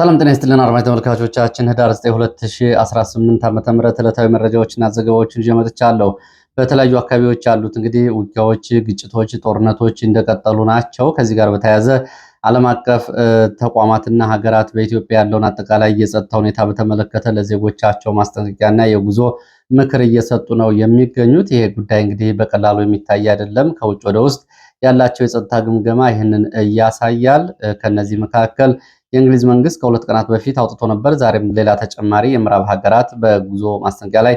ሰላም ጤና ይስጥልን አድማጭ ተመልካቾቻችን ህዳር 9 2018 ዓ.ም ዕለታዊ መረጃዎችና ዘገባዎችን ይዤ መጥቻለሁ። በተለያዩ አካባቢዎች ያሉት እንግዲህ ውጊያዎች፣ ግጭቶች፣ ጦርነቶች እንደቀጠሉ ናቸው። ከዚህ ጋር በተያያዘ ዓለም አቀፍ ተቋማትና ሀገራት በኢትዮጵያ ያለውን አጠቃላይ የጸጥታ ሁኔታ በተመለከተ ለዜጎቻቸው ማስጠንቀቂያና የጉዞ ምክር እየሰጡ ነው የሚገኙት። ይሄ ጉዳይ እንግዲህ በቀላሉ የሚታይ አይደለም። ከውጭ ወደ ውስጥ ያላቸው የጸጥታ ግምገማ ይህንን ያሳያል። ከነዚህ መካከል የእንግሊዝ መንግስት ከሁለት ቀናት በፊት አውጥቶ ነበር። ዛሬም ሌላ ተጨማሪ የምዕራብ ሀገራት በጉዞ ማስጠንቀቂያ ላይ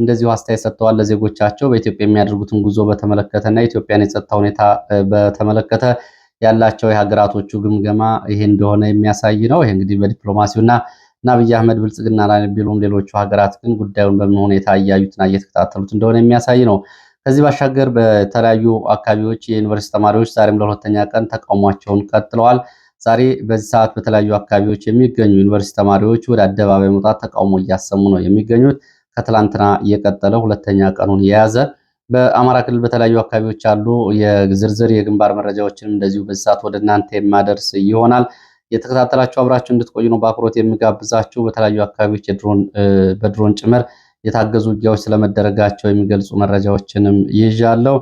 እንደዚሁ አስተያየት ሰጥተዋል። ለዜጎቻቸው በኢትዮጵያ የሚያደርጉትን ጉዞ በተመለከተና የኢትዮጵያን የጸጥታ ሁኔታ በተመለከተ ያላቸው የሀገራቶቹ ግምገማ ይሄ እንደሆነ የሚያሳይ ነው። ይሄ እንግዲህ በዲፕሎማሲውና እና አብይ አህመድ ብልጽግና ላይ ቢሉም ሌሎቹ ሀገራት ግን ጉዳዩን በምን ሁኔታ እያዩትና እየተከታተሉት እንደሆነ የሚያሳይ ነው። ከዚህ ባሻገር በተለያዩ አካባቢዎች የዩኒቨርሲቲ ተማሪዎች ዛሬም ለሁለተኛ ቀን ተቃውሟቸውን ቀጥለዋል። ዛሬ በዚህ ሰዓት በተለያዩ አካባቢዎች የሚገኙ ዩኒቨርሲቲ ተማሪዎች ወደ አደባባይ መውጣት ተቃውሞ እያሰሙ ነው የሚገኙት። ከትላንትና እየቀጠለ ሁለተኛ ቀኑን የያዘ በአማራ ክልል በተለያዩ አካባቢዎች ያሉ የዝርዝር የግንባር መረጃዎችን እንደዚሁ በዚህ ሰዓት ወደ እናንተ የማደርስ ይሆናል። የተከታተላችሁ አብራችሁ እንድትቆዩ ነው በአክብሮት የሚጋብዛችሁ። በተለያዩ አካባቢዎች በድሮን ጭምር የታገዙ ውጊያዎች ስለመደረጋቸው የሚገልጹ መረጃዎችንም ይዣለሁ።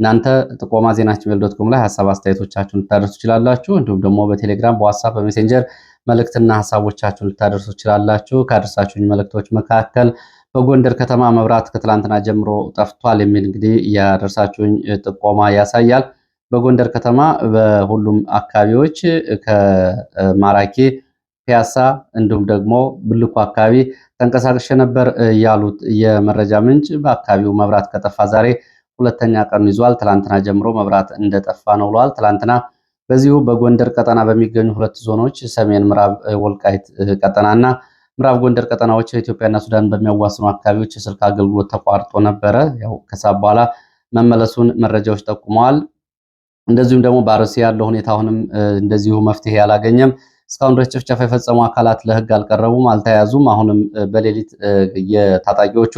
እናንተ ጥቆማ ዜና ጂሜል ዶት ኮም ላይ ሀሳብ አስተያየቶቻችሁን ልታደርሱ ትችላላችሁ። እንዲሁም ደግሞ በቴሌግራም በዋትሳፕ በሜሴንጀር መልእክትና ሀሳቦቻችሁን ልታደርሱ ትችላላችሁ። ካደረሳችሁኝ መልእክቶች መካከል በጎንደር ከተማ መብራት ከትላንትና ጀምሮ ጠፍቷል የሚል እንግዲህ ያደረሳችሁኝ ጥቆማ ያሳያል። በጎንደር ከተማ በሁሉም አካባቢዎች ከማራኪ ፒያሳ እንዲሁም ደግሞ ብልኩ አካባቢ ተንቀሳቅሼ ነበር ያሉት የመረጃ ምንጭ በአካባቢው መብራት ከጠፋ ዛሬ ሁለተኛ ቀኑ ይዟል። ትላንትና ጀምሮ መብራት እንደጠፋ ነው ብለዋል። ትላንትና በዚሁ በጎንደር ቀጠና በሚገኙ ሁለት ዞኖች ሰሜን ምዕራብ ወልቃይት ቀጠናና ምዕራብ ጎንደር ቀጠናዎች ኢትዮጵያና ሱዳን በሚያዋስኑ አካባቢዎች የስልክ አገልግሎት ተቋርጦ ነበረ። ያው ከሰዓት በኋላ መመለሱን መረጃዎች ጠቁመዋል። እንደዚሁም ደግሞ በአርሲ ያለው ሁኔታ አሁንም እንደዚሁ መፍትሄ አላገኘም። እስካሁን ድረስ ጭፍጨፋ የፈጸሙ አካላት ለህግ አልቀረቡም፣ አልተያዙም። አሁንም በሌሊት የታጣቂዎቹ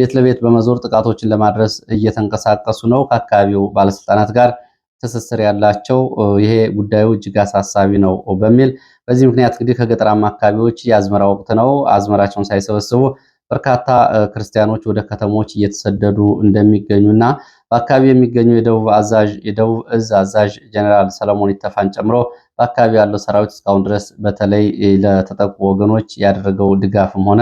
ቤት ለቤት በመዞር ጥቃቶችን ለማድረስ እየተንቀሳቀሱ ነው። ከአካባቢው ባለስልጣናት ጋር ትስስር ያላቸው ይሄ ጉዳዩ እጅግ አሳሳቢ ነው በሚል በዚህ ምክንያት እንግዲህ ከገጠራማ አካባቢዎች የአዝመራ ወቅት ነው። አዝመራቸውን ሳይሰበስቡ በርካታ ክርስቲያኖች ወደ ከተሞች እየተሰደዱ እንደሚገኙና በአካባቢ የሚገኙ የደቡብ እዝ አዛዥ ጀኔራል ሰለሞን ይተፋን ጨምሮ በአካባቢ ያለው ሰራዊት እስካሁን ድረስ በተለይ ለተጠቁ ወገኖች ያደረገው ድጋፍም ሆነ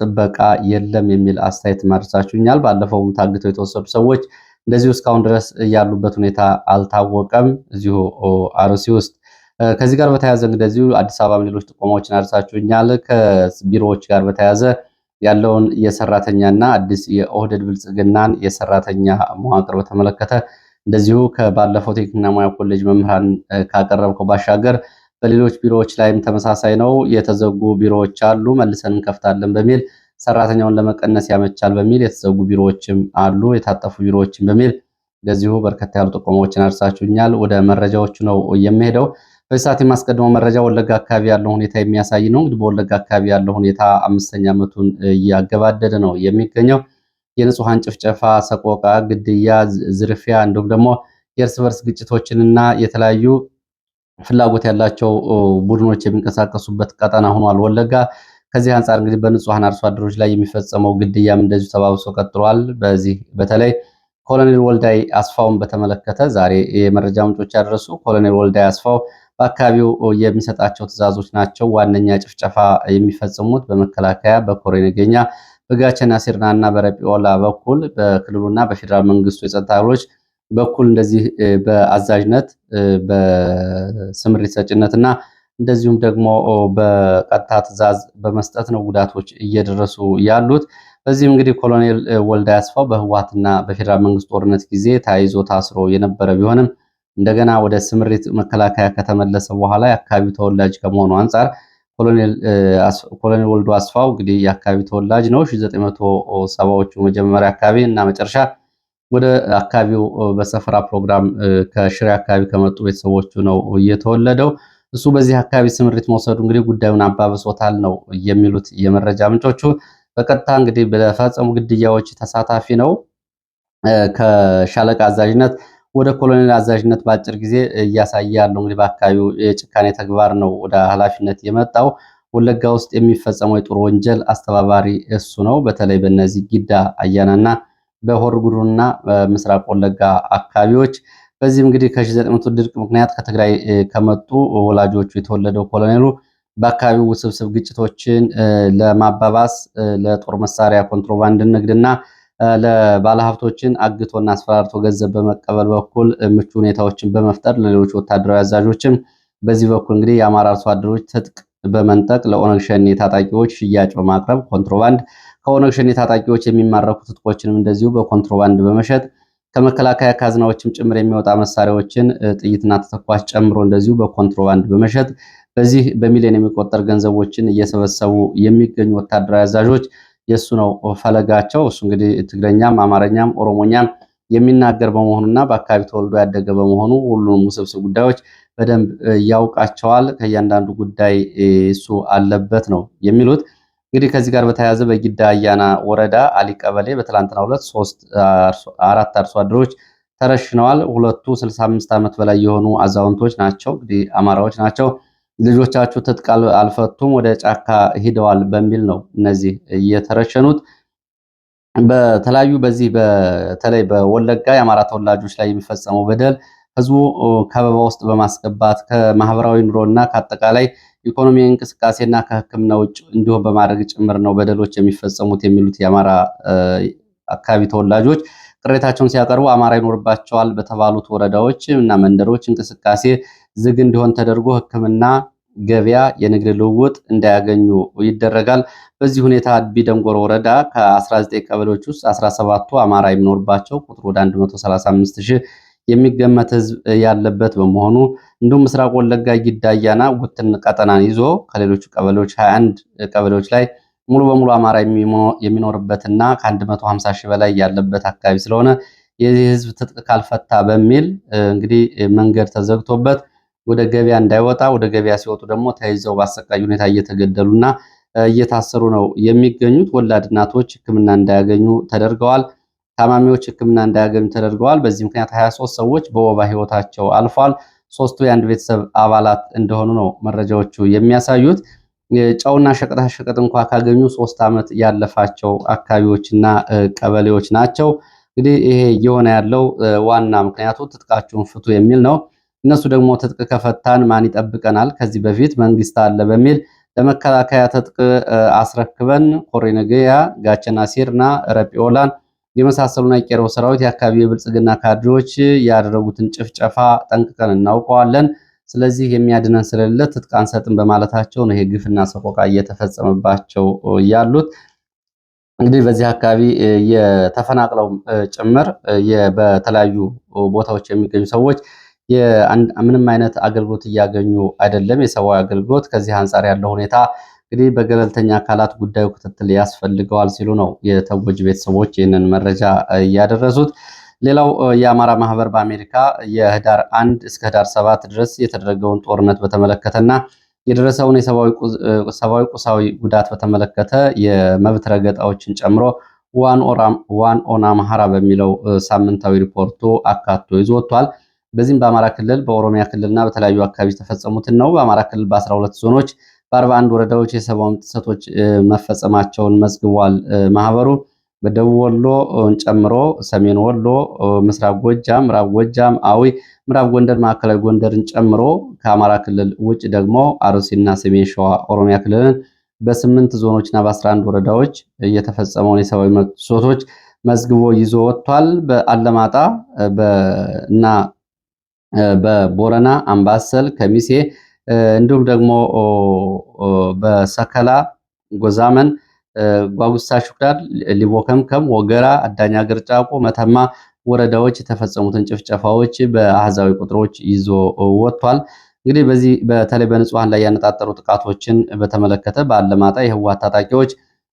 ጥበቃ የለም የሚል አስተያየት ማድረሳችሁኛል። ባለፈውም ታግተው የተወሰዱ ሰዎች እንደዚሁ እስካሁን ድረስ ያሉበት ሁኔታ አልታወቀም። እዚሁ አርሲ ውስጥ ከዚህ ጋር በተያያዘ እንደዚሁ አዲስ አበባ ሌሎች ጥቆማዎችን አድርሳችሁኛል። ከቢሮዎች ጋር በተያያዘ ያለውን የሰራተኛና አዲስ የኦህደድ ብልጽግናን የሰራተኛ መዋቅር በተመለከተ እንደዚሁ ከባለፈው ቴክኒክና ሙያ ኮሌጅ መምህራን ካቀረብከው ባሻገር በሌሎች ቢሮዎች ላይም ተመሳሳይ ነው። የተዘጉ ቢሮዎች አሉ፣ መልሰን እንከፍታለን በሚል ሰራተኛውን ለመቀነስ ያመቻል በሚል የተዘጉ ቢሮዎችም አሉ፣ የታጠፉ ቢሮዎችም በሚል እንደዚሁ በርከታ ያሉ ጥቆማዎችን አድርሳችሁኛል። ወደ መረጃዎቹ ነው የሚሄደው። በዚህ ሰዓት የማስቀድመው መረጃ ወለጋ አካባቢ ያለው ሁኔታ የሚያሳይ ነው። እንግዲህ በወለጋ አካባቢ ያለው ሁኔታ አምስተኛ ዓመቱን እያገባደደ ነው የሚገኘው። የንጹሐን ጭፍጨፋ፣ ሰቆቃ፣ ግድያ፣ ዝርፊያ እንዲሁም ደግሞ የእርስ በርስ ግጭቶችንና የተለያዩ ፍላጎት ያላቸው ቡድኖች የሚንቀሳቀሱበት ቀጠና ሆኗል ወለጋ። ከዚህ አንጻር እንግዲህ በንጹሐን አርሶ አደሮች ላይ የሚፈጸመው ግድያም እንደዚሁ ተባብሶ ቀጥሏል። በዚህ በተለይ ኮሎኔል ወልዳይ አስፋውን በተመለከተ ዛሬ የመረጃ ምንጮች ያደረሱ ኮሎኔል ወልዳይ አስፋው በአካባቢው የሚሰጣቸው ትእዛዞች ናቸው ዋነኛ ጭፍጨፋ የሚፈጽሙት በመከላከያ በኮሬ ነገኛ በጋቸና ሲርና እና በኩል በክልሉና በፌዴራል መንግስቱ የጸጥታ ኃይሎች በኩል እንደዚህ በአዛዥነት በስምሪት ሰጭነት እና እንደዚሁም ደግሞ በቀጥታ ትእዛዝ በመስጠት ነው ጉዳቶች እየደረሱ ያሉት። በዚህም እንግዲህ ኮሎኔል ወልዳ ያስፋው በህዋትና በፌዴራል መንግስት ጦርነት ጊዜ ተይዞ ታስሮ የነበረ ቢሆንም እንደገና ወደ ስምሪት መከላከያ ከተመለሰ በኋላ የአካባቢው ተወላጅ ከመሆኑ አንጻር ኮሎኔል ወልዶ አስፋው እንግዲህ የአካባቢው ተወላጅ ነው። 1970ዎቹ መጀመሪያ አካባቢ እና መጨረሻ ወደ አካባቢው በሰፈራ ፕሮግራም ከሽሬ አካባቢ ከመጡ ቤተሰቦቹ ነው የተወለደው። እሱ በዚህ አካባቢ ስምሪት መውሰዱ እንግዲህ ጉዳዩን አባብሶታል ነው የሚሉት የመረጃ ምንጮቹ። በቀጥታ እንግዲህ በፈጸሙ ግድያዎች ተሳታፊ ነው። ከሻለቃ አዛዥነት ወደ ኮሎኔል አዛዥነት በአጭር ጊዜ እያሳየ ያለው እንግዲህ በአካባቢው የጭካኔ ተግባር ነው ወደ ኃላፊነት የመጣው። ወለጋ ውስጥ የሚፈጸመው የጦር ወንጀል አስተባባሪ እሱ ነው። በተለይ በእነዚህ ጊዳ አያናና በሆሮ ጉዱሩና በምስራቅ ወለጋ አካባቢዎች በዚህም እንግዲህ ከ1900 ድርቅ ምክንያት ከትግራይ ከመጡ ወላጆቹ የተወለደው ኮሎኔሉ በአካባቢው ውስብስብ ግጭቶችን ለማባባስ ለጦር መሳሪያ ኮንትሮባንድ ንግድና ለባለሀብቶችን አግቶና አስፈራርቶ ገንዘብ በመቀበል በኩል ምቹ ሁኔታዎችን በመፍጠር ለሌሎች ወታደራዊ አዛዦችም በዚህ በኩል እንግዲህ የአማራ አርሶ አደሮች ትጥቅ በመንጠቅ ለኦነግ ሸኔ ታጣቂዎች ሽያጭ በማቅረብ ኮንትሮባንድ ከኦነግ ሸኔ ታጣቂዎች የሚማረኩ ትጥቆችንም እንደዚሁ በኮንትሮባንድ በመሸጥ ከመከላከያ ካዝናዎችም ጭምር የሚወጣ መሳሪያዎችን ጥይትና ተተኳሽ ጨምሮ እንደዚሁ በኮንትሮባንድ በመሸጥ በዚህ በሚሊዮን የሚቆጠር ገንዘቦችን እየሰበሰቡ የሚገኙ ወታደራዊ አዛዦች የእሱ ነው ፈለጋቸው። እሱ እንግዲህ ትግረኛም አማርኛም ኦሮሞኛም የሚናገር በመሆኑና በአካባቢ ተወልዶ ያደገ በመሆኑ ሁሉንም ውስብስብ ጉዳዮች በደንብ ያውቃቸዋል። ከእያንዳንዱ ጉዳይ እሱ አለበት ነው የሚሉት። እንግዲህ ከዚህ ጋር በተያያዘ በጊዳ አያና ወረዳ አሊ ቀበሌ በትላንትና ሁለት ሶስት አራት አርሶ አደሮች ተረሽነዋል። ሁለቱ 65 ዓመት በላይ የሆኑ አዛውንቶች ናቸው። እንግዲህ አማራዎች ናቸው። ልጆቻችሁ ትጥቅ አልፈቱም ወደ ጫካ ሂደዋል በሚል ነው እነዚህ እየተረሸኑት። በተለያዩ በዚህ በተለይ በወለጋ የአማራ ተወላጆች ላይ የሚፈጸመው በደል ህዝቡ ከበባ ውስጥ በማስገባት ከማህበራዊ ኑሮና ከአጠቃላይ ኢኮኖሚ እንቅስቃሴና ከህክምና ውጭ እንዲሁም በማድረግ ጭምር ነው በደሎች የሚፈጸሙት የሚሉት የአማራ አካባቢ ተወላጆች ቅሬታቸውን ሲያቀርቡ አማራ ይኖርባቸዋል በተባሉት ወረዳዎች እና መንደሮች እንቅስቃሴ ዝግ እንዲሆን ተደርጎ ህክምና ገበያ፣ የንግድ ልውውጥ እንዳያገኙ ይደረጋል። በዚህ ሁኔታ አድቢ ደንጎሮ ወረዳ ከ19 ቀበሌዎች ውስጥ 17ቱ አማራ የሚኖርባቸው ቁጥር ወደ 135 ሺህ የሚገመት ህዝብ ያለበት በመሆኑ እንዲሁም ምስራቅ ወለጋ ጊዳያና ውትን ቀጠናን ይዞ ከሌሎቹ ቀበሌዎች 21 ቀበሌዎች ላይ ሙሉ በሙሉ አማራ የሚኖርበትና ከ150 ሺህ በላይ ያለበት አካባቢ ስለሆነ የዚህ ህዝብ ትጥቅ ካልፈታ በሚል እንግዲህ መንገድ ተዘግቶበት ወደ ገበያ እንዳይወጣ ወደ ገበያ ሲወጡ ደግሞ ተይዘው በአሰቃቂ ሁኔታ እየተገደሉና እየታሰሩ ነው የሚገኙት። ወላድ እናቶች ሕክምና እንዳያገኙ ተደርገዋል። ታማሚዎች ህክምና እንዳያገኙ ተደርገዋል። በዚህ ምክንያት 23 ሰዎች በወባ ህይወታቸው አልፏል። ሶስቱ የአንድ ቤተሰብ አባላት እንደሆኑ ነው መረጃዎቹ የሚያሳዩት። ጨውና ሸቀጣሸቀጥ እንኳ ካገኙ ሶስት ዓመት ያለፋቸው አካባቢዎችና ቀበሌዎች ናቸው። እንግዲህ ይሄ እየሆነ ያለው ዋና ምክንያቱ ትጥቃችሁን ፍቱ የሚል ነው። እነሱ ደግሞ ትጥቅ ከፈታን ማን ይጠብቀናል? ከዚህ በፊት መንግስት አለ በሚል ለመከላከያ ትጥቅ አስረክበን ኮሬነገያ፣ ጋቸና ሲርና ረጲዮላን የመሳሰሉና የቄሮ ሰራዊት የአካባቢ የብልጽግና ካድሬዎች ያደረጉትን ጭፍጨፋ ጠንቅቀን እናውቀዋለን። ስለዚህ የሚያድነን ስለሌለ ትጥቅ አንሰጥም በማለታቸው ነው ይሄ ግፍና ሰቆቃ እየተፈጸመባቸው ያሉት። እንግዲህ በዚህ አካባቢ የተፈናቅለው ጭምር በተለያዩ ቦታዎች የሚገኙ ሰዎች ምንም አይነት አገልግሎት እያገኙ አይደለም፣ የሰብአዊ አገልግሎት። ከዚህ አንጻር ያለው ሁኔታ እንግዲህ በገለልተኛ አካላት ጉዳዩ ክትትል ያስፈልገዋል ሲሉ ነው የተጎጂ ቤተሰቦች ይህንን መረጃ እያደረሱት። ሌላው የአማራ ማህበር በአሜሪካ የህዳር አንድ እስከ ህዳር ሰባት ድረስ የተደረገውን ጦርነት በተመለከተና የደረሰውን የሰብአዊ ቁሳዊ ጉዳት በተመለከተ የመብት ረገጣዎችን ጨምሮ ዋን ኦን አምሃራ በሚለው ሳምንታዊ ሪፖርቱ አካቶ ይዞ ወጥቷል። በዚህም በአማራ ክልል በኦሮሚያ ክልልና በተለያዩ አካባቢ የተፈጸሙትን ነው። በአማራ ክልል በ12 ዞኖች በአርባ አንድ ወረዳዎች የሰብአዊ ጥሰቶች መፈጸማቸውን መዝግቧል። ማህበሩ በደቡብ ወሎ ጨምሮ ሰሜን ወሎ፣ ምስራቅ ጎጃም፣ ምዕራብ ጎጃም፣ አዊ፣ ምዕራብ ጎንደር፣ ማዕከላዊ ጎንደርን ጨምሮ ከአማራ ክልል ውጭ ደግሞ አርሲና ሰሜን ሸዋ ኦሮሚያ ክልልን በስምንት ዞኖችና በአስራ አንድ ወረዳዎች እየተፈጸመውን የሰብአዊ መብት ጥሰቶች መዝግቦ ይዞ ወጥቷል። በአለማጣ እና በቦረና አምባሰል፣ ከሚሴ እንዲሁም ደግሞ በሰከላ ጎዛመን ጓጉሳ ሹክዳር ሊቦ ከምከም ወገራ አዳኛ ግርጫቆ መተማ ወረዳዎች የተፈጸሙትን ጭፍጨፋዎች በአህዛዊ ቁጥሮች ይዞ ወጥቷል። እንግዲህ በዚህ በተለይ በንጹሐን ላይ ያነጣጠሩ ጥቃቶችን በተመለከተ በአለማጣ የህወሓት ታጣቂዎች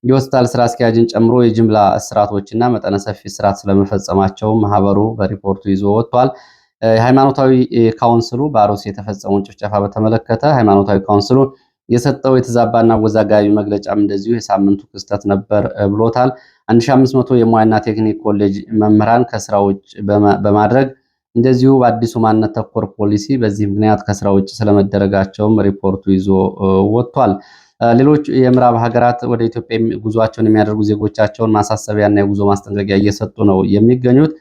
የሆስፒታል ስራ አስኪያጅን ጨምሮ የጅምላ እስራቶችና መጠነ ሰፊ እስራት ስለመፈጸማቸው ማህበሩ በሪፖርቱ ይዞ ወጥቷል። የሃይማኖታዊ ካውንስሉ በአርሲ የተፈጸመውን ጭፍጨፋ በተመለከተ ሃይማኖታዊ ካውንስሉ የሰጠው የተዛባና አወዛጋቢ መግለጫም እንደዚሁ የሳምንቱ ክስተት ነበር ብሎታል። 1500 የሙያና ቴክኒክ ኮሌጅ መምህራን ከስራ ውጭ በማድረግ እንደዚሁ በአዲሱ ማንነት ተኮር ፖሊሲ በዚህ ምክንያት ከስራ ውጭ ስለመደረጋቸውም ሪፖርቱ ይዞ ወጥቷል። ሌሎች የምዕራብ ሀገራት ወደ ኢትዮጵያ ጉዟቸውን የሚያደርጉ ዜጎቻቸውን ማሳሰቢያና የጉዞ ማስጠንቀቂያ እየሰጡ ነው የሚገኙት።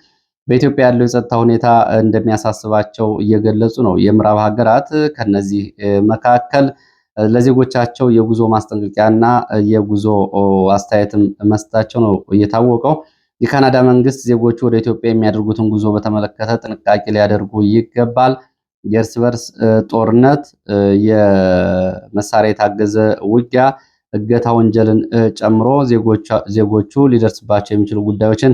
በኢትዮጵያ ያለው የጸጥታ ሁኔታ እንደሚያሳስባቸው እየገለጹ ነው። የምዕራብ ሀገራት ከነዚህ መካከል ለዜጎቻቸው የጉዞ ማስጠንቀቂያና የጉዞ አስተያየትም መስጠታቸው ነው እየታወቀው። የካናዳ መንግስት ዜጎቹ ወደ ኢትዮጵያ የሚያደርጉትን ጉዞ በተመለከተ ጥንቃቄ ሊያደርጉ ይገባል። የእርስ በርስ ጦርነት፣ የመሳሪያ የታገዘ ውጊያ፣ እገታ ወንጀልን ጨምሮ ዜጎቹ ሊደርስባቸው የሚችሉ ጉዳዮችን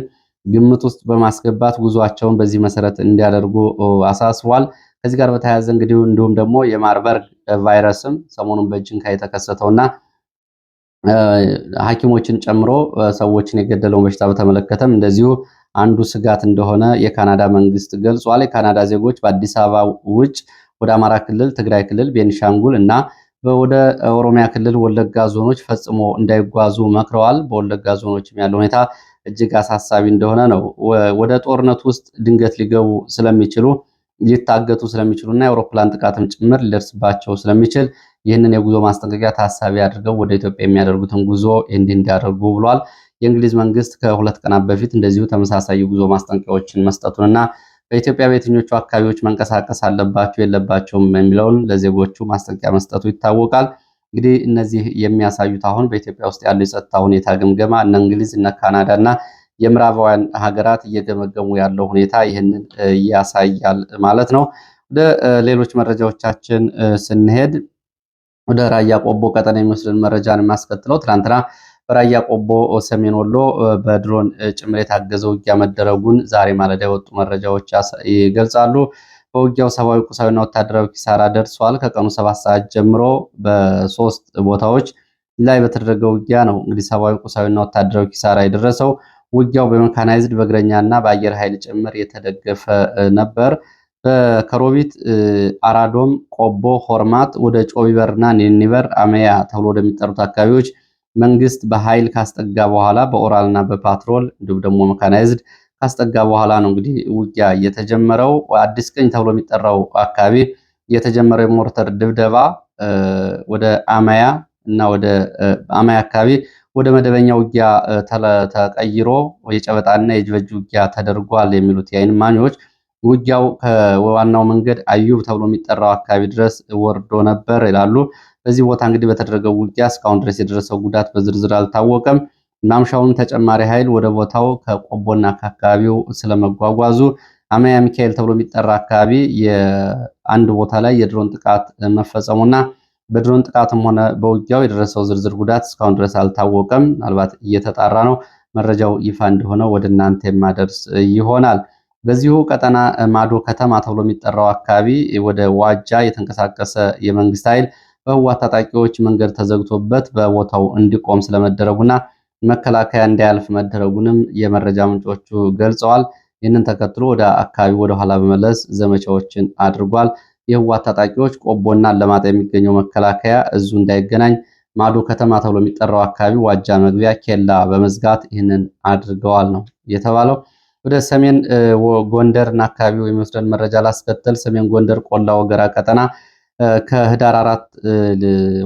ግምት ውስጥ በማስገባት ጉዟቸውን በዚህ መሰረት እንዲያደርጉ አሳስቧል። ከዚህ ጋር በተያያዘ እንግዲህ እንዲሁም ደግሞ የማርበርግ ቫይረስም ሰሞኑን በጅንካ የተከሰተውና ሐኪሞችን ጨምሮ ሰዎችን የገደለውን በሽታ በተመለከተም እንደዚሁ አንዱ ስጋት እንደሆነ የካናዳ መንግስት ገልጿል። የካናዳ ዜጎች በአዲስ አበባ ውጭ ወደ አማራ ክልል፣ ትግራይ ክልል፣ ቤኒሻንጉል እና ወደ ኦሮሚያ ክልል ወለጋ ዞኖች ፈጽሞ እንዳይጓዙ መክረዋል። በወለጋ ዞኖችም ያለው ሁኔታ እጅግ አሳሳቢ እንደሆነ ነው። ወደ ጦርነት ውስጥ ድንገት ሊገቡ ስለሚችሉ ሊታገቱ ስለሚችሉ እና የአውሮፕላን ጥቃትም ጭምር ሊደርስባቸው ስለሚችል ይህንን የጉዞ ማስጠንቀቂያ ታሳቢ አድርገው ወደ ኢትዮጵያ የሚያደርጉትን ጉዞ እንዲህ እንዲያደርጉ ብሏል። የእንግሊዝ መንግስት ከሁለት ቀናት በፊት እንደዚሁ ተመሳሳይ የጉዞ ማስጠንቀቂያዎችን መስጠቱንና በኢትዮጵያ በየትኞቹ አካባቢዎች መንቀሳቀስ አለባቸው የለባቸውም የሚለውን ለዜጎቹ ማስጠንቀቂያ መስጠቱ ይታወቃል። እንግዲህ እነዚህ የሚያሳዩት አሁን በኢትዮጵያ ውስጥ ያለው የጸጥታ ሁኔታ ግምገማ እነ እንግሊዝ እነ ካናዳ እና የምዕራባውያን ሀገራት እየገመገሙ ያለው ሁኔታ ይህንን ያሳያል ማለት ነው። ወደ ሌሎች መረጃዎቻችን ስንሄድ ወደ ራያ ቆቦ ቀጠና የሚወስድን መረጃን የማስከትለው ትናንትና በራያ ቆቦ ሰሜን ወሎ በድሮን ጭምር የታገዘ ውጊያ መደረጉን ዛሬ ማለዳ የወጡ መረጃዎች ይገልጻሉ። በውጊያው ሰብአዊ፣ ቁሳዊና ወታደራዊ ኪሳራ ደርሷል። ከቀኑ ሰባት ሰዓት ጀምሮ በሶስት ቦታዎች ላይ በተደረገ ውጊያ ነው እንግዲህ ሰብአዊ፣ ቁሳዊና ወታደራዊ ኪሳራ የደረሰው። ውጊያው በመካናይዝድ በእግረኛና በአየር ኃይል ጭምር የተደገፈ ነበር። ከሮቢት አራዶም፣ ቆቦ፣ ሆርማት ወደ ጮቢበርና ኒኒበር አመያ ተብሎ ወደሚጠሩት አካባቢዎች መንግስት በኃይል ካስጠጋ በኋላ በኦራልና በፓትሮል እንዲሁም ደግሞ መካናይዝድ ካስጠጋ በኋላ ነው እንግዲህ ውጊያ የተጀመረው። አዲስ ቀኝ ተብሎ የሚጠራው አካባቢ የተጀመረው የሞርተር ድብደባ ወደ አማያ እና ወደ አማያ አካባቢ ወደ መደበኛ ውጊያ ተቀይሮ የጨበጣና የጅበጅ ውጊያ ተደርጓል የሚሉት የአይን ማኞች ውጊያው ከዋናው መንገድ አዩብ ተብሎ የሚጠራው አካባቢ ድረስ ወርዶ ነበር ይላሉ። በዚህ ቦታ እንግዲህ በተደረገው ውጊያ እስካሁን ድረስ የደረሰው ጉዳት በዝርዝር አልታወቀም። ማምሻውን ተጨማሪ ኃይል ወደ ቦታው ከቆቦና ከአካባቢው ስለመጓጓዙ አማያ ሚካኤል ተብሎ የሚጠራ አካባቢ የአንድ ቦታ ላይ የድሮን ጥቃት መፈጸሙና በድሮን ጥቃትም ሆነ በውጊያው የደረሰው ዝርዝር ጉዳት እስካሁን ድረስ አልታወቀም። ምናልባት እየተጣራ ነው። መረጃው ይፋ እንደሆነ ወደ እናንተ የማደርስ ይሆናል። በዚሁ ቀጠና ማዶ ከተማ ተብሎ የሚጠራው አካባቢ ወደ ዋጃ የተንቀሳቀሰ የመንግስት ኃይል በህዋት ታጣቂዎች መንገድ ተዘግቶበት በቦታው እንዲቆም ስለመደረጉና መከላከያ እንዳያልፍ መደረጉንም የመረጃ ምንጮቹ ገልጸዋል። ይህንን ተከትሎ ወደ አካባቢ ወደኋላ በመለስ ዘመቻዎችን አድርጓል። የህወሓት ታጣቂዎች ቆቦና አላማጣ የሚገኘው መከላከያ እዙ እንዳይገናኝ ማዶ ከተማ ተብሎ የሚጠራው አካባቢ ዋጃ መግቢያ ኬላ በመዝጋት ይህንን አድርገዋል ነው የተባለው። ወደ ሰሜን ጎንደርና አካባቢው የሚወስደን መረጃ ላስከተል። ሰሜን ጎንደር ቆላ ወገራ ቀጠና ከህዳር 4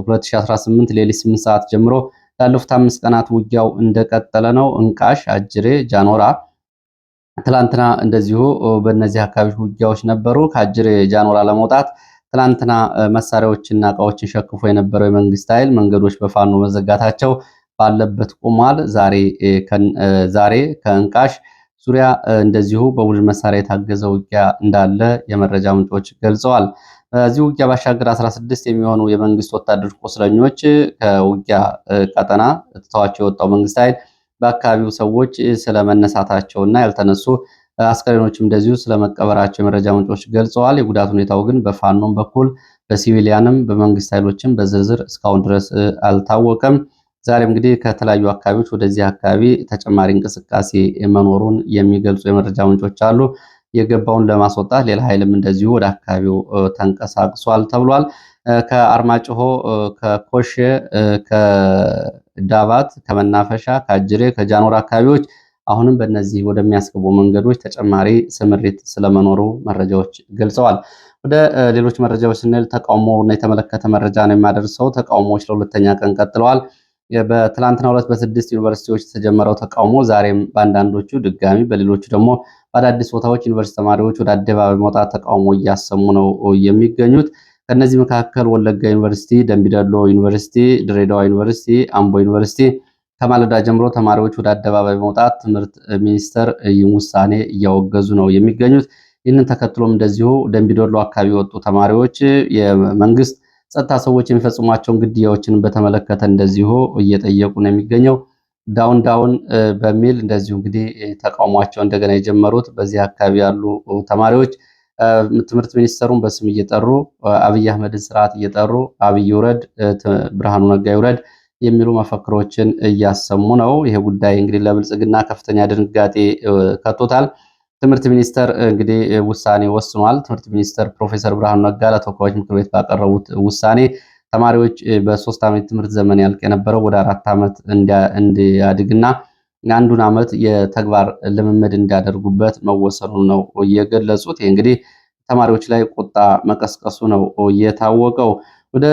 2018 ሌሊት 8 ሰዓት ጀምሮ ላለፉት አምስት ቀናት ውጊያው እንደቀጠለ ነው። እንቃሽ፣ አጅሬ፣ ጃኖራ ትላንትና እንደዚሁ በእነዚህ አካባቢዎች ውጊያዎች ነበሩ። ከአጅሬ ጃኖራ ለመውጣት ትላንትና መሳሪያዎችና እቃዎችን ሸክፎ የነበረው የመንግስት ኃይል መንገዶች በፋኖ መዘጋታቸው ባለበት ቆሟል። ዛሬ ከእንቃሽ ዙሪያ እንደዚሁ በቡድን መሳሪያ የታገዘ ውጊያ እንዳለ የመረጃ ምንጮች ገልጸዋል። በዚህ ውጊያ ባሻገር 16 የሚሆኑ የመንግስት ወታደሮች ቁስለኞች ከውጊያ ቀጠና ትተዋቸው የወጣው መንግስት ኃይል በአካባቢው ሰዎች ስለመነሳታቸው እና ያልተነሱ አስከሬኖችም እንደዚሁ ስለመቀበራቸው የመረጃ ምንጮች ገልጸዋል። የጉዳት ሁኔታው ግን በፋኖም በኩል በሲቪሊያንም በመንግስት ኃይሎችም በዝርዝር እስካሁን ድረስ አልታወቀም። ዛሬም እንግዲህ ከተለያዩ አካባቢዎች ወደዚህ አካባቢ ተጨማሪ እንቅስቃሴ መኖሩን የሚገልጹ የመረጃ ምንጮች አሉ። የገባውን ለማስወጣት ሌላ ኃይልም እንደዚሁ ወደ አካባቢው ተንቀሳቅሷል ተብሏል። ከአርማጭሆ፣ ከኮሼ፣ ከዳባት፣ ከመናፈሻ፣ ከአጅሬ፣ ከጃኖራ አካባቢዎች አሁንም በእነዚህ ወደሚያስገቡ መንገዶች ተጨማሪ ስምሪት ስለመኖሩ መረጃዎች ገልጸዋል። ወደ ሌሎች መረጃዎች ስንል ተቃውሞውን የተመለከተ መረጃ ነው የማደርሰው። ተቃውሞዎች ለሁለተኛ ቀን ቀጥለዋል። በትላንትና ሁለት በስድስት ዩኒቨርሲቲዎች የተጀመረው ተቃውሞ ዛሬም በአንዳንዶቹ ድጋሚ በሌሎቹ ደግሞ በአዳዲስ ቦታዎች ዩኒቨርሲቲ ተማሪዎች ወደ አደባባይ መውጣት ተቃውሞ እያሰሙ ነው የሚገኙት። ከእነዚህ መካከል ወለጋ ዩኒቨርሲቲ፣ ደምቢዶሎ ዩኒቨርሲቲ፣ ድሬዳዋ ዩኒቨርሲቲ፣ አምቦ ዩኒቨርሲቲ ከማለዳ ጀምሮ ተማሪዎች ወደ አደባባይ መውጣት ትምህርት ሚኒስቴር ይህን ውሳኔ እያወገዙ ነው የሚገኙት። ይህንን ተከትሎም እንደዚሁ ደምቢዶሎ አካባቢ የወጡ ተማሪዎች የመንግስት ጸጥታ ሰዎች የሚፈጽሟቸውን ግድያዎችን በተመለከተ እንደዚሁ እየጠየቁ ነው የሚገኘው። ዳውን ዳውን በሚል እንደዚሁ እንግዲህ ተቃውሟቸው እንደገና የጀመሩት በዚህ አካባቢ ያሉ ተማሪዎች ትምህርት ሚኒስተሩን በስም እየጠሩ አብይ አህመድን ስርዓት እየጠሩ አብይ ውረድ፣ ብርሃኑ ነጋ ይውረድ የሚሉ መፈክሮችን እያሰሙ ነው። ይሄ ጉዳይ እንግዲህ ለብልጽግና ከፍተኛ ድንጋጤ ከቶታል። ትምህርት ሚኒስቴር እንግዲህ ውሳኔ ወስኗል። ትምህርት ሚኒስቴር ፕሮፌሰር ብርሃኑ ነጋ ለተወካዮች ምክር ቤት ባቀረቡት ውሳኔ ተማሪዎች በሶስት ዓመት ትምህርት ዘመን ያልቅ የነበረው ወደ አራት ዓመት እንዲያድግና አንዱን ዓመት የተግባር ልምምድ እንዲያደርጉበት መወሰኑ ነው የገለጹት። ይህ እንግዲህ ተማሪዎች ላይ ቁጣ መቀስቀሱ ነው የታወቀው። ወደ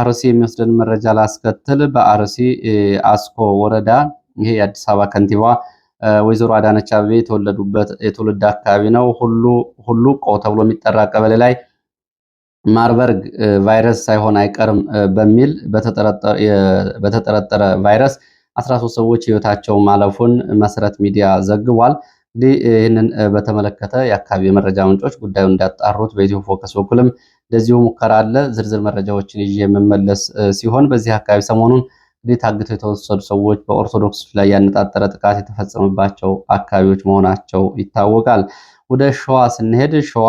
አርሲ የሚወስደን መረጃ ላስከትል። በአርሲ አስኮ ወረዳ ይሄ የአዲስ አበባ ከንቲባ ወይዘሮ አዳነች አቤቤ የተወለዱበት የትውልድ አካባቢ ነው። ሁሉ ሁሉ ቆ ተብሎ የሚጠራ ቀበሌ ላይ ማርበርግ ቫይረስ ሳይሆን አይቀርም በሚል በተጠረጠረ ቫይረስ 13 ሰዎች ህይወታቸው ማለፉን መሰረት ሚዲያ ዘግቧል። እንግዲህ ይህንን በተመለከተ የአካባቢ የመረጃ ምንጮች ጉዳዩን እንዳጣሩት በኢትዮ ፎከስ በኩልም እንደዚሁ ሙከራ አለ። ዝርዝር መረጃዎችን ይዤ የምመለስ ሲሆን በዚህ አካባቢ ሰሞኑን እንግዲህ ታግተው የተወሰዱ ሰዎች በኦርቶዶክስ ላይ ያነጣጠረ ጥቃት የተፈጸመባቸው አካባቢዎች መሆናቸው ይታወቃል። ወደ ሸዋ ስንሄድ ሸዋ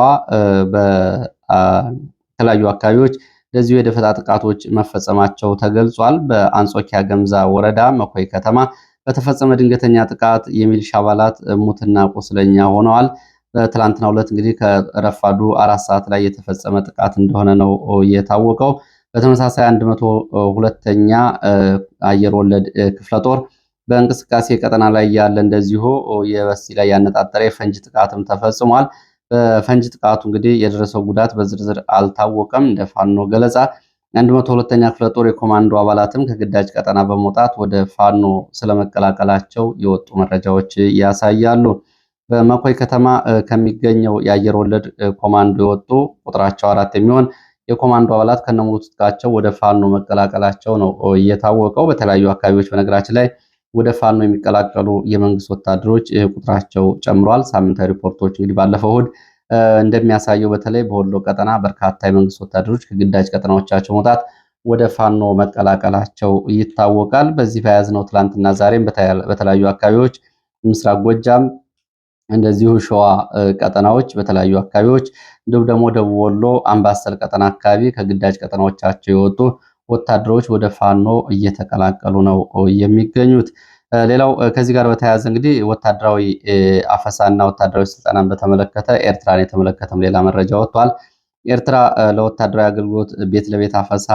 በተለያዩ አካባቢዎች እንደዚሁ የደፈጣ ጥቃቶች መፈጸማቸው ተገልጿል። በአንጾኪያ ገምዛ ወረዳ መኮይ ከተማ በተፈጸመ ድንገተኛ ጥቃት የሚሊሻ አባላት ሙትና ቁስለኛ ሆነዋል። በትላንትናው ዕለት እንግዲህ ከረፋዱ አራት ሰዓት ላይ የተፈጸመ ጥቃት እንደሆነ ነው የታወቀው። በተመሳሳይ 102ኛ አየር ወለድ ክፍለ ጦር በእንቅስቃሴ ቀጠና ላይ ያለ እንደዚሁ የበስቲ ላይ ያነጣጠረ የፈንጅ ጥቃትም ተፈጽሟል። በፈንጅ ጥቃቱ እንግዲህ የደረሰው ጉዳት በዝርዝር አልታወቀም። እንደ ፋኖ ገለጻ 102ኛ ክፍለ ጦር የኮማንዶ አባላትም ከግዳጅ ቀጠና በመውጣት ወደ ፋኖ ስለመቀላቀላቸው የወጡ መረጃዎች ያሳያሉ። በመኮይ ከተማ ከሚገኘው የአየር ወለድ ኮማንዶ የወጡ ቁጥራቸው አራት የሚሆን የኮማንዶ አባላት ከነሙሉ ትጥቃቸው ወደ ፋኖ መቀላቀላቸው ነው እየታወቀው። በተለያዩ አካባቢዎች በነገራችን ላይ ወደ ፋኖ የሚቀላቀሉ የመንግስት ወታደሮች ቁጥራቸው ጨምሯል። ሳምንታዊ ሪፖርቶች እንግዲህ ባለፈው እሁድ እንደሚያሳየው በተለይ በወሎ ቀጠና በርካታ የመንግስት ወታደሮች ከግዳጅ ቀጠናዎቻቸው መውጣት ወደ ፋኖ መቀላቀላቸው ይታወቃል። በዚህ በያዝነው ትላንትና ዛሬም በተለያዩ አካባቢዎች ምስራቅ ጎጃም እንደዚሁ ሸዋ ቀጠናዎች በተለያዩ አካባቢዎች እንዲሁም ደግሞ ደቡብ ወሎ አምባሰል ቀጠና አካባቢ ከግዳጅ ቀጠናዎቻቸው የወጡ ወታደሮች ወደ ፋኖ እየተቀላቀሉ ነው የሚገኙት። ሌላው ከዚህ ጋር በተያያዘ እንግዲህ ወታደራዊ አፈሳና ወታደራዊ ስልጠናን በተመለከተ ኤርትራን የተመለከተም ሌላ መረጃ ወጥቷል። ኤርትራ ለወታደራዊ አገልግሎት ቤት ለቤት አፈሳ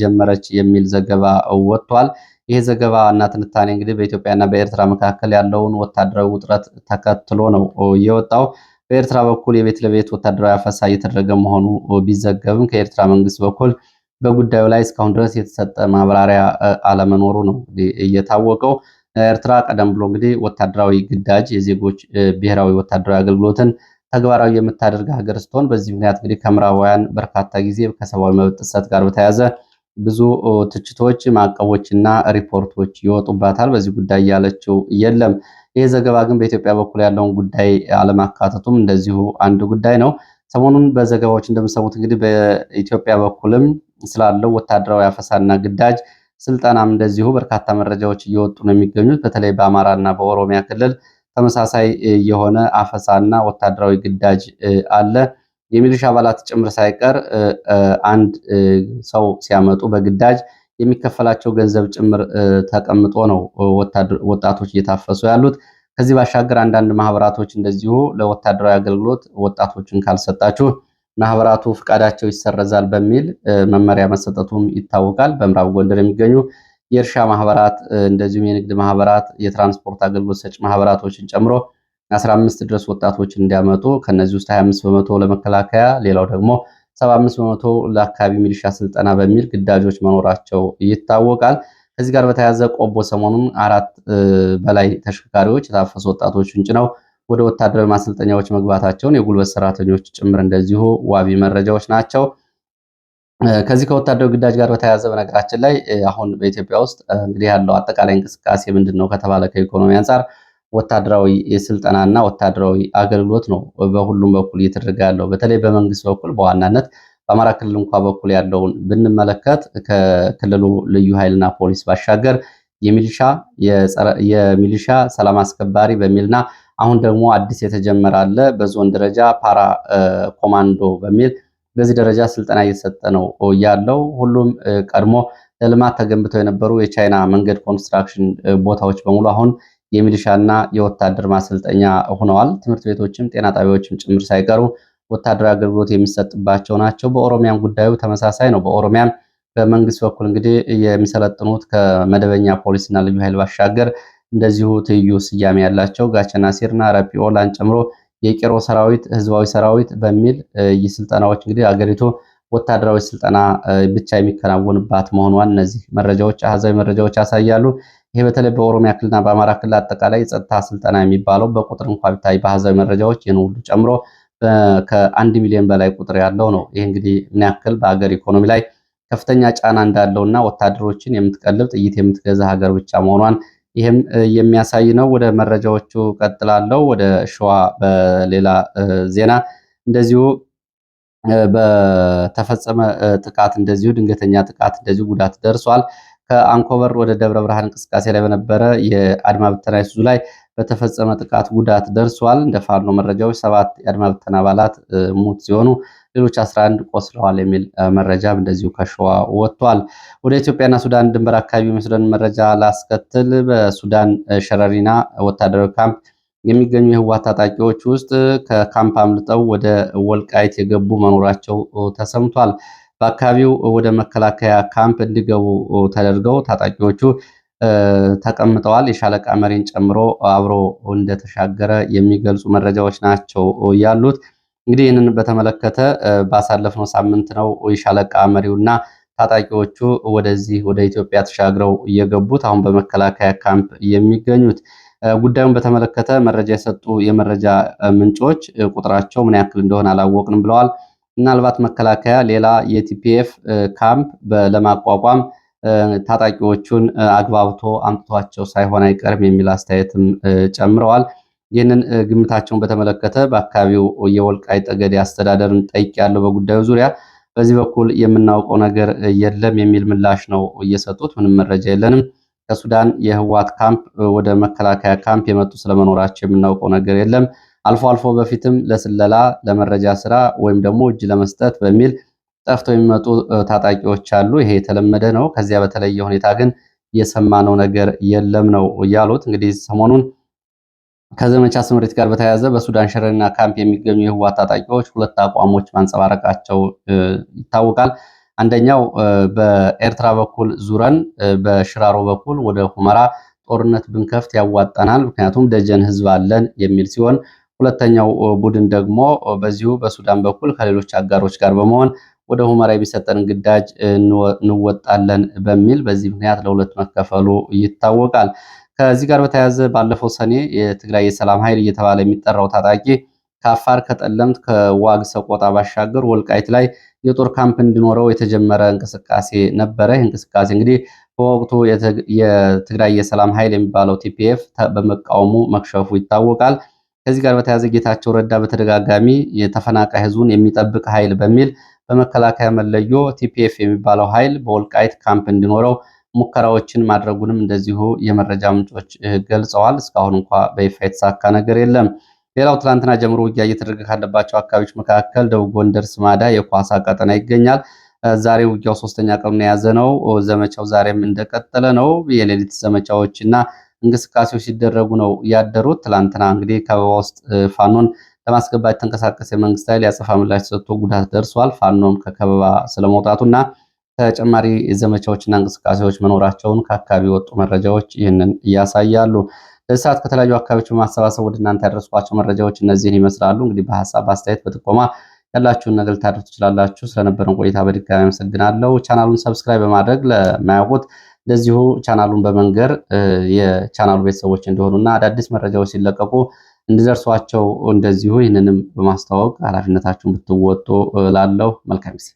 ጀመረች የሚል ዘገባ ወጥቷል። ይሄ ዘገባ እና ትንታኔ እንግዲህ በኢትዮጵያና በኤርትራ መካከል ያለውን ወታደራዊ ውጥረት ተከትሎ ነው የወጣው። በኤርትራ በኩል የቤት ለቤት ወታደራዊ አፈሳ እየተደረገ መሆኑ ቢዘገብም ከኤርትራ መንግስት በኩል በጉዳዩ ላይ እስካሁን ድረስ የተሰጠ ማብራሪያ አለመኖሩ ነው እየታወቀው። ኤርትራ ቀደም ብሎ እንግዲህ ወታደራዊ ግዳጅ የዜጎች ብሔራዊ ወታደራዊ አገልግሎትን ተግባራዊ የምታደርግ ሀገር ስትሆን በዚህ ምክንያት እንግዲህ ከምዕራባውያን በርካታ ጊዜ ከሰብአዊ መብት ጥሰት ጋር በተያያዘ ብዙ ትችቶች፣ ማዕቀቦችና ሪፖርቶች ይወጡባታል። በዚህ ጉዳይ ያለችው የለም። ይህ ዘገባ ግን በኢትዮጵያ በኩል ያለውን ጉዳይ አለማካተቱም እንደዚሁ አንድ ጉዳይ ነው። ሰሞኑን በዘገባዎች እንደምሰሙት እንግዲህ በኢትዮጵያ በኩልም ስላለው ወታደራዊ አፈሳና ግዳጅ ስልጠናም እንደዚሁ በርካታ መረጃዎች እየወጡ ነው የሚገኙት። በተለይ በአማራና በኦሮሚያ ክልል ተመሳሳይ የሆነ አፈሳና ወታደራዊ ግዳጅ አለ። የሚሊሻ አባላት ጭምር ሳይቀር አንድ ሰው ሲያመጡ በግዳጅ የሚከፈላቸው ገንዘብ ጭምር ተቀምጦ ነው ወጣቶች እየታፈሱ ያሉት። ከዚህ ባሻገር አንዳንድ ማህበራቶች እንደዚሁ ለወታደራዊ አገልግሎት ወጣቶችን ካልሰጣችሁ ማህበራቱ ፍቃዳቸው ይሰረዛል በሚል መመሪያ መሰጠቱም ይታወቃል። በምዕራብ ጎንደር የሚገኙ የእርሻ ማህበራት እንደዚሁም የንግድ ማህበራት፣ የትራንስፖርት አገልግሎት ሰጭ ማህበራቶችን ጨምሮ 15 ድረስ ወጣቶች እንዲያመጡ ከነዚህ ውስጥ 25 በመቶ ለመከላከያ ሌላው ደግሞ 75 በመቶ ለአካባቢ ሚሊሻ ስልጠና በሚል ግዳጆች መኖራቸው ይታወቃል። ከዚህ ጋር በተያያዘ ቆቦ ሰሞኑን አራት በላይ ተሽከርካሪዎች የታፈሱ ወጣቶችን ጭነው ወደ ወታደራዊ ማሰልጠኛዎች መግባታቸውን የጉልበት ሰራተኞች ጭምር እንደዚሁ ዋቢ መረጃዎች ናቸው። ከዚህ ከወታደራዊ ግዳጅ ጋር በተያያዘ በነገራችን ላይ አሁን በኢትዮጵያ ውስጥ እንግዲህ ያለው አጠቃላይ እንቅስቃሴ ምንድን ነው ከተባለ ከኢኮኖሚ አንጻር ወታደራዊ ስልጠናና ወታደራዊ አገልግሎት ነው በሁሉም በኩል እየተደረገ ያለው። በተለይ በመንግስት በኩል በዋናነት በአማራ ክልል እንኳ በኩል ያለውን ብንመለከት ከክልሉ ልዩ ኃይልና ፖሊስ ባሻገር የሚሊሻ ሰላም አስከባሪ በሚልና አሁን ደግሞ አዲስ የተጀመረ አለ በዞን ደረጃ ፓራ ኮማንዶ በሚል በዚህ ደረጃ ስልጠና እየተሰጠ ነው ያለው። ሁሉም ቀድሞ ለልማት ተገንብተው የነበሩ የቻይና መንገድ ኮንስትራክሽን ቦታዎች በሙሉ አሁን የሚሊሻና የወታደር ማሰልጠኛ ሆነዋል። ትምህርት ቤቶችም ጤና ጣቢያዎችም ጭምር ሳይቀሩ ወታደራዊ አገልግሎት የሚሰጥባቸው ናቸው። በኦሮሚያም ጉዳዩ ተመሳሳይ ነው። በኦሮሚያም በመንግስት በኩል እንግዲህ የሚሰለጥኑት ከመደበኛ ፖሊስና ልዩ ኃይል ባሻገር እንደዚሁ ትይዩ ስያሜ ያላቸው ጋቸና ሲርና ረፒኦላን ጨምሮ የቄሮ ሰራዊት፣ ህዝባዊ ሰራዊት በሚል ስልጠናዎች እንግዲህ አገሪቱ ወታደራዊ ስልጠና ብቻ የሚከናወንባት መሆኗን እነዚህ መረጃዎች አሃዛዊ መረጃዎች ያሳያሉ። ይህ በተለይ በኦሮሚያ ክልልና በአማራ ክልል አጠቃላይ የጸጥታ ስልጠና የሚባለው በቁጥር እንኳ ቢታይ ባህዛዊ መረጃዎች ይህን ሁሉ ጨምሮ ከአንድ ሚሊዮን በላይ ቁጥር ያለው ነው። ይህ እንግዲህ ምን ያክል በሀገር ኢኮኖሚ ላይ ከፍተኛ ጫና እንዳለውና ወታደሮችን የምትቀልብ ጥይት የምትገዛ ሀገር ብቻ መሆኗን ይህም የሚያሳይ ነው። ወደ መረጃዎቹ ቀጥላለው። ወደ ሸዋ በሌላ ዜና እንደዚሁ በተፈጸመ ጥቃት እንደዚሁ ድንገተኛ ጥቃት እንደዚሁ ጉዳት ደርሷል። ከአንኮበር ወደ ደብረ ብርሃን እንቅስቃሴ ላይ በነበረ የአድማ ብተና ይሱዙ ላይ በተፈጸመ ጥቃት ጉዳት ደርሷል። እንደ ፋኖ መረጃዎች ሰባት የአድማ ብተና አባላት ሙት ሲሆኑ ሌሎች 11 ቆስለዋል የሚል መረጃም እንደዚሁ ከሸዋ ወጥቷል። ወደ ኢትዮጵያና ሱዳን ድንበር አካባቢ የሚወስደን መረጃ ላስከትል። በሱዳን ሸረሪና ወታደራዊ ካምፕ የሚገኙ የህወሓት ታጣቂዎች ውስጥ ከካምፕ አምልጠው ወደ ወልቃይት የገቡ መኖራቸው ተሰምቷል። በአካባቢው ወደ መከላከያ ካምፕ እንዲገቡ ተደርገው ታጣቂዎቹ ተቀምጠዋል። የሻለቃ መሪን ጨምሮ አብሮ እንደተሻገረ የሚገልጹ መረጃዎች ናቸው ያሉት። እንግዲህ ይህንን በተመለከተ ባሳለፍነው ሳምንት ነው የሻለቃ መሪውና ታጣቂዎቹ ወደዚህ ወደ ኢትዮጵያ ተሻግረው እየገቡት አሁን በመከላከያ ካምፕ የሚገኙት። ጉዳዩን በተመለከተ መረጃ የሰጡ የመረጃ ምንጮች ቁጥራቸው ምን ያክል እንደሆነ አላወቅንም ብለዋል። ምናልባት መከላከያ ሌላ የቲፒኤፍ ካምፕ ለማቋቋም ታጣቂዎቹን አግባብቶ አምጥቷቸው ሳይሆን አይቀርም የሚል አስተያየትም ጨምረዋል። ይህንን ግምታቸውን በተመለከተ በአካባቢው የወልቃይት ጠገዴ አስተዳደርን ያለው በጉዳዩ ዙሪያ በዚህ በኩል የምናውቀው ነገር የለም የሚል ምላሽ ነው እየሰጡት። ምንም መረጃ የለንም። ከሱዳን የህዋት ካምፕ ወደ መከላከያ ካምፕ የመጡ ስለመኖራቸው የምናውቀው ነገር የለም። አልፎ አልፎ በፊትም ለስለላ ለመረጃ ስራ ወይም ደግሞ እጅ ለመስጠት በሚል ጠፍተው የሚመጡ ታጣቂዎች አሉ። ይሄ የተለመደ ነው። ከዚያ በተለየ ሁኔታ ግን የሰማነው ነገር የለም ነው ያሉት። እንግዲህ ሰሞኑን ከዘመቻ ስምሪት ጋር በተያያዘ በሱዳን ሸረሪና ካምፕ የሚገኙ የህወሓት ታጣቂዎች ሁለት አቋሞች ማንጸባረቃቸው ይታወቃል። አንደኛው በኤርትራ በኩል ዙረን በሽራሮ በኩል ወደ ሁመራ ጦርነት ብንከፍት ያዋጣናል፣ ምክንያቱም ደጀን ህዝብ አለን የሚል ሲሆን ሁለተኛው ቡድን ደግሞ በዚሁ በሱዳን በኩል ከሌሎች አጋሮች ጋር በመሆን ወደ ሁመራ የሚሰጠን ግዳጅ እንወጣለን በሚል በዚህ ምክንያት ለሁለት መከፈሉ ይታወቃል። ከዚህ ጋር በተያያዘ ባለፈው ሰኔ የትግራይ የሰላም ኃይል እየተባለ የሚጠራው ታጣቂ ከአፋር ከጠለምት ከዋግ ሰቆጣ ባሻገር ወልቃይት ላይ የጦር ካምፕ እንዲኖረው የተጀመረ እንቅስቃሴ ነበረ። ይህ እንቅስቃሴ እንግዲህ በወቅቱ የትግራይ የሰላም ኃይል የሚባለው ቲፒኤፍ በመቃወሙ መክሸፉ ይታወቃል። ከዚህ ጋር በተያያዘ ጌታቸው ረዳ በተደጋጋሚ የተፈናቃይ ህዝቡን የሚጠብቅ ኃይል በሚል በመከላከያ መለዮ ቲፒኤፍ የሚባለው ኃይል በወልቃይት ካምፕ እንዲኖረው ሙከራዎችን ማድረጉንም እንደዚሁ የመረጃ ምንጮች ገልጸዋል። እስካሁን እንኳ በይፋ የተሳካ ነገር የለም። ሌላው ትላንትና ጀምሮ ውጊያ እየተደረገ ካለባቸው አካባቢዎች መካከል ደቡብ ጎንደር ስማዳ የኳሳ ቀጠና ይገኛል። ዛሬ ውጊያው ሶስተኛ ቀኑን የያዘ ነው። ዘመቻው ዛሬም እንደቀጠለ ነው። የሌሊት ዘመቻዎች እና እንቅስቃሴዎች ሲደረጉ ነው ያደሩት። ትላንትና እንግዲህ ከበባ ውስጥ ፋኖን ለማስገባት የተንቀሳቀሰ የመንግስት ኃይል የአጸፋ ምላሽ ሰጥቶ ጉዳት ደርሷል። ፋኖም ከከበባ እና ተጨማሪ ዘመቻዎችና እንቅስቃሴዎች መኖራቸውን ከአካባቢ የወጡ መረጃዎች ይህንን እያሳያሉ። በዚህ ከተለያዩ አካባቢዎች በማሰባሰብ ወደ እናንተ ያደረስኳቸው መረጃዎች እነዚህን ይመስላሉ። እንግዲህ በሀሳብ አስተያየት፣ በጥቆማ ያላችሁን ነገር ልታደርሱ ትችላላችሁ። ስለነበረን ቆይታ በድጋሚ አመሰግናለሁ። ቻናሉን ሰብስክራይብ በማድረግ ለማያውቁት እንደዚሁ ቻናሉን በመንገር የቻናሉ ቤተሰቦች እንደሆኑ እና አዳዲስ መረጃዎች ሲለቀቁ እንዲደርሷቸው እንደዚሁ ይህንንም በማስተዋወቅ ኃላፊነታችሁን ብትወጡ ላለው መልካም ጊዜ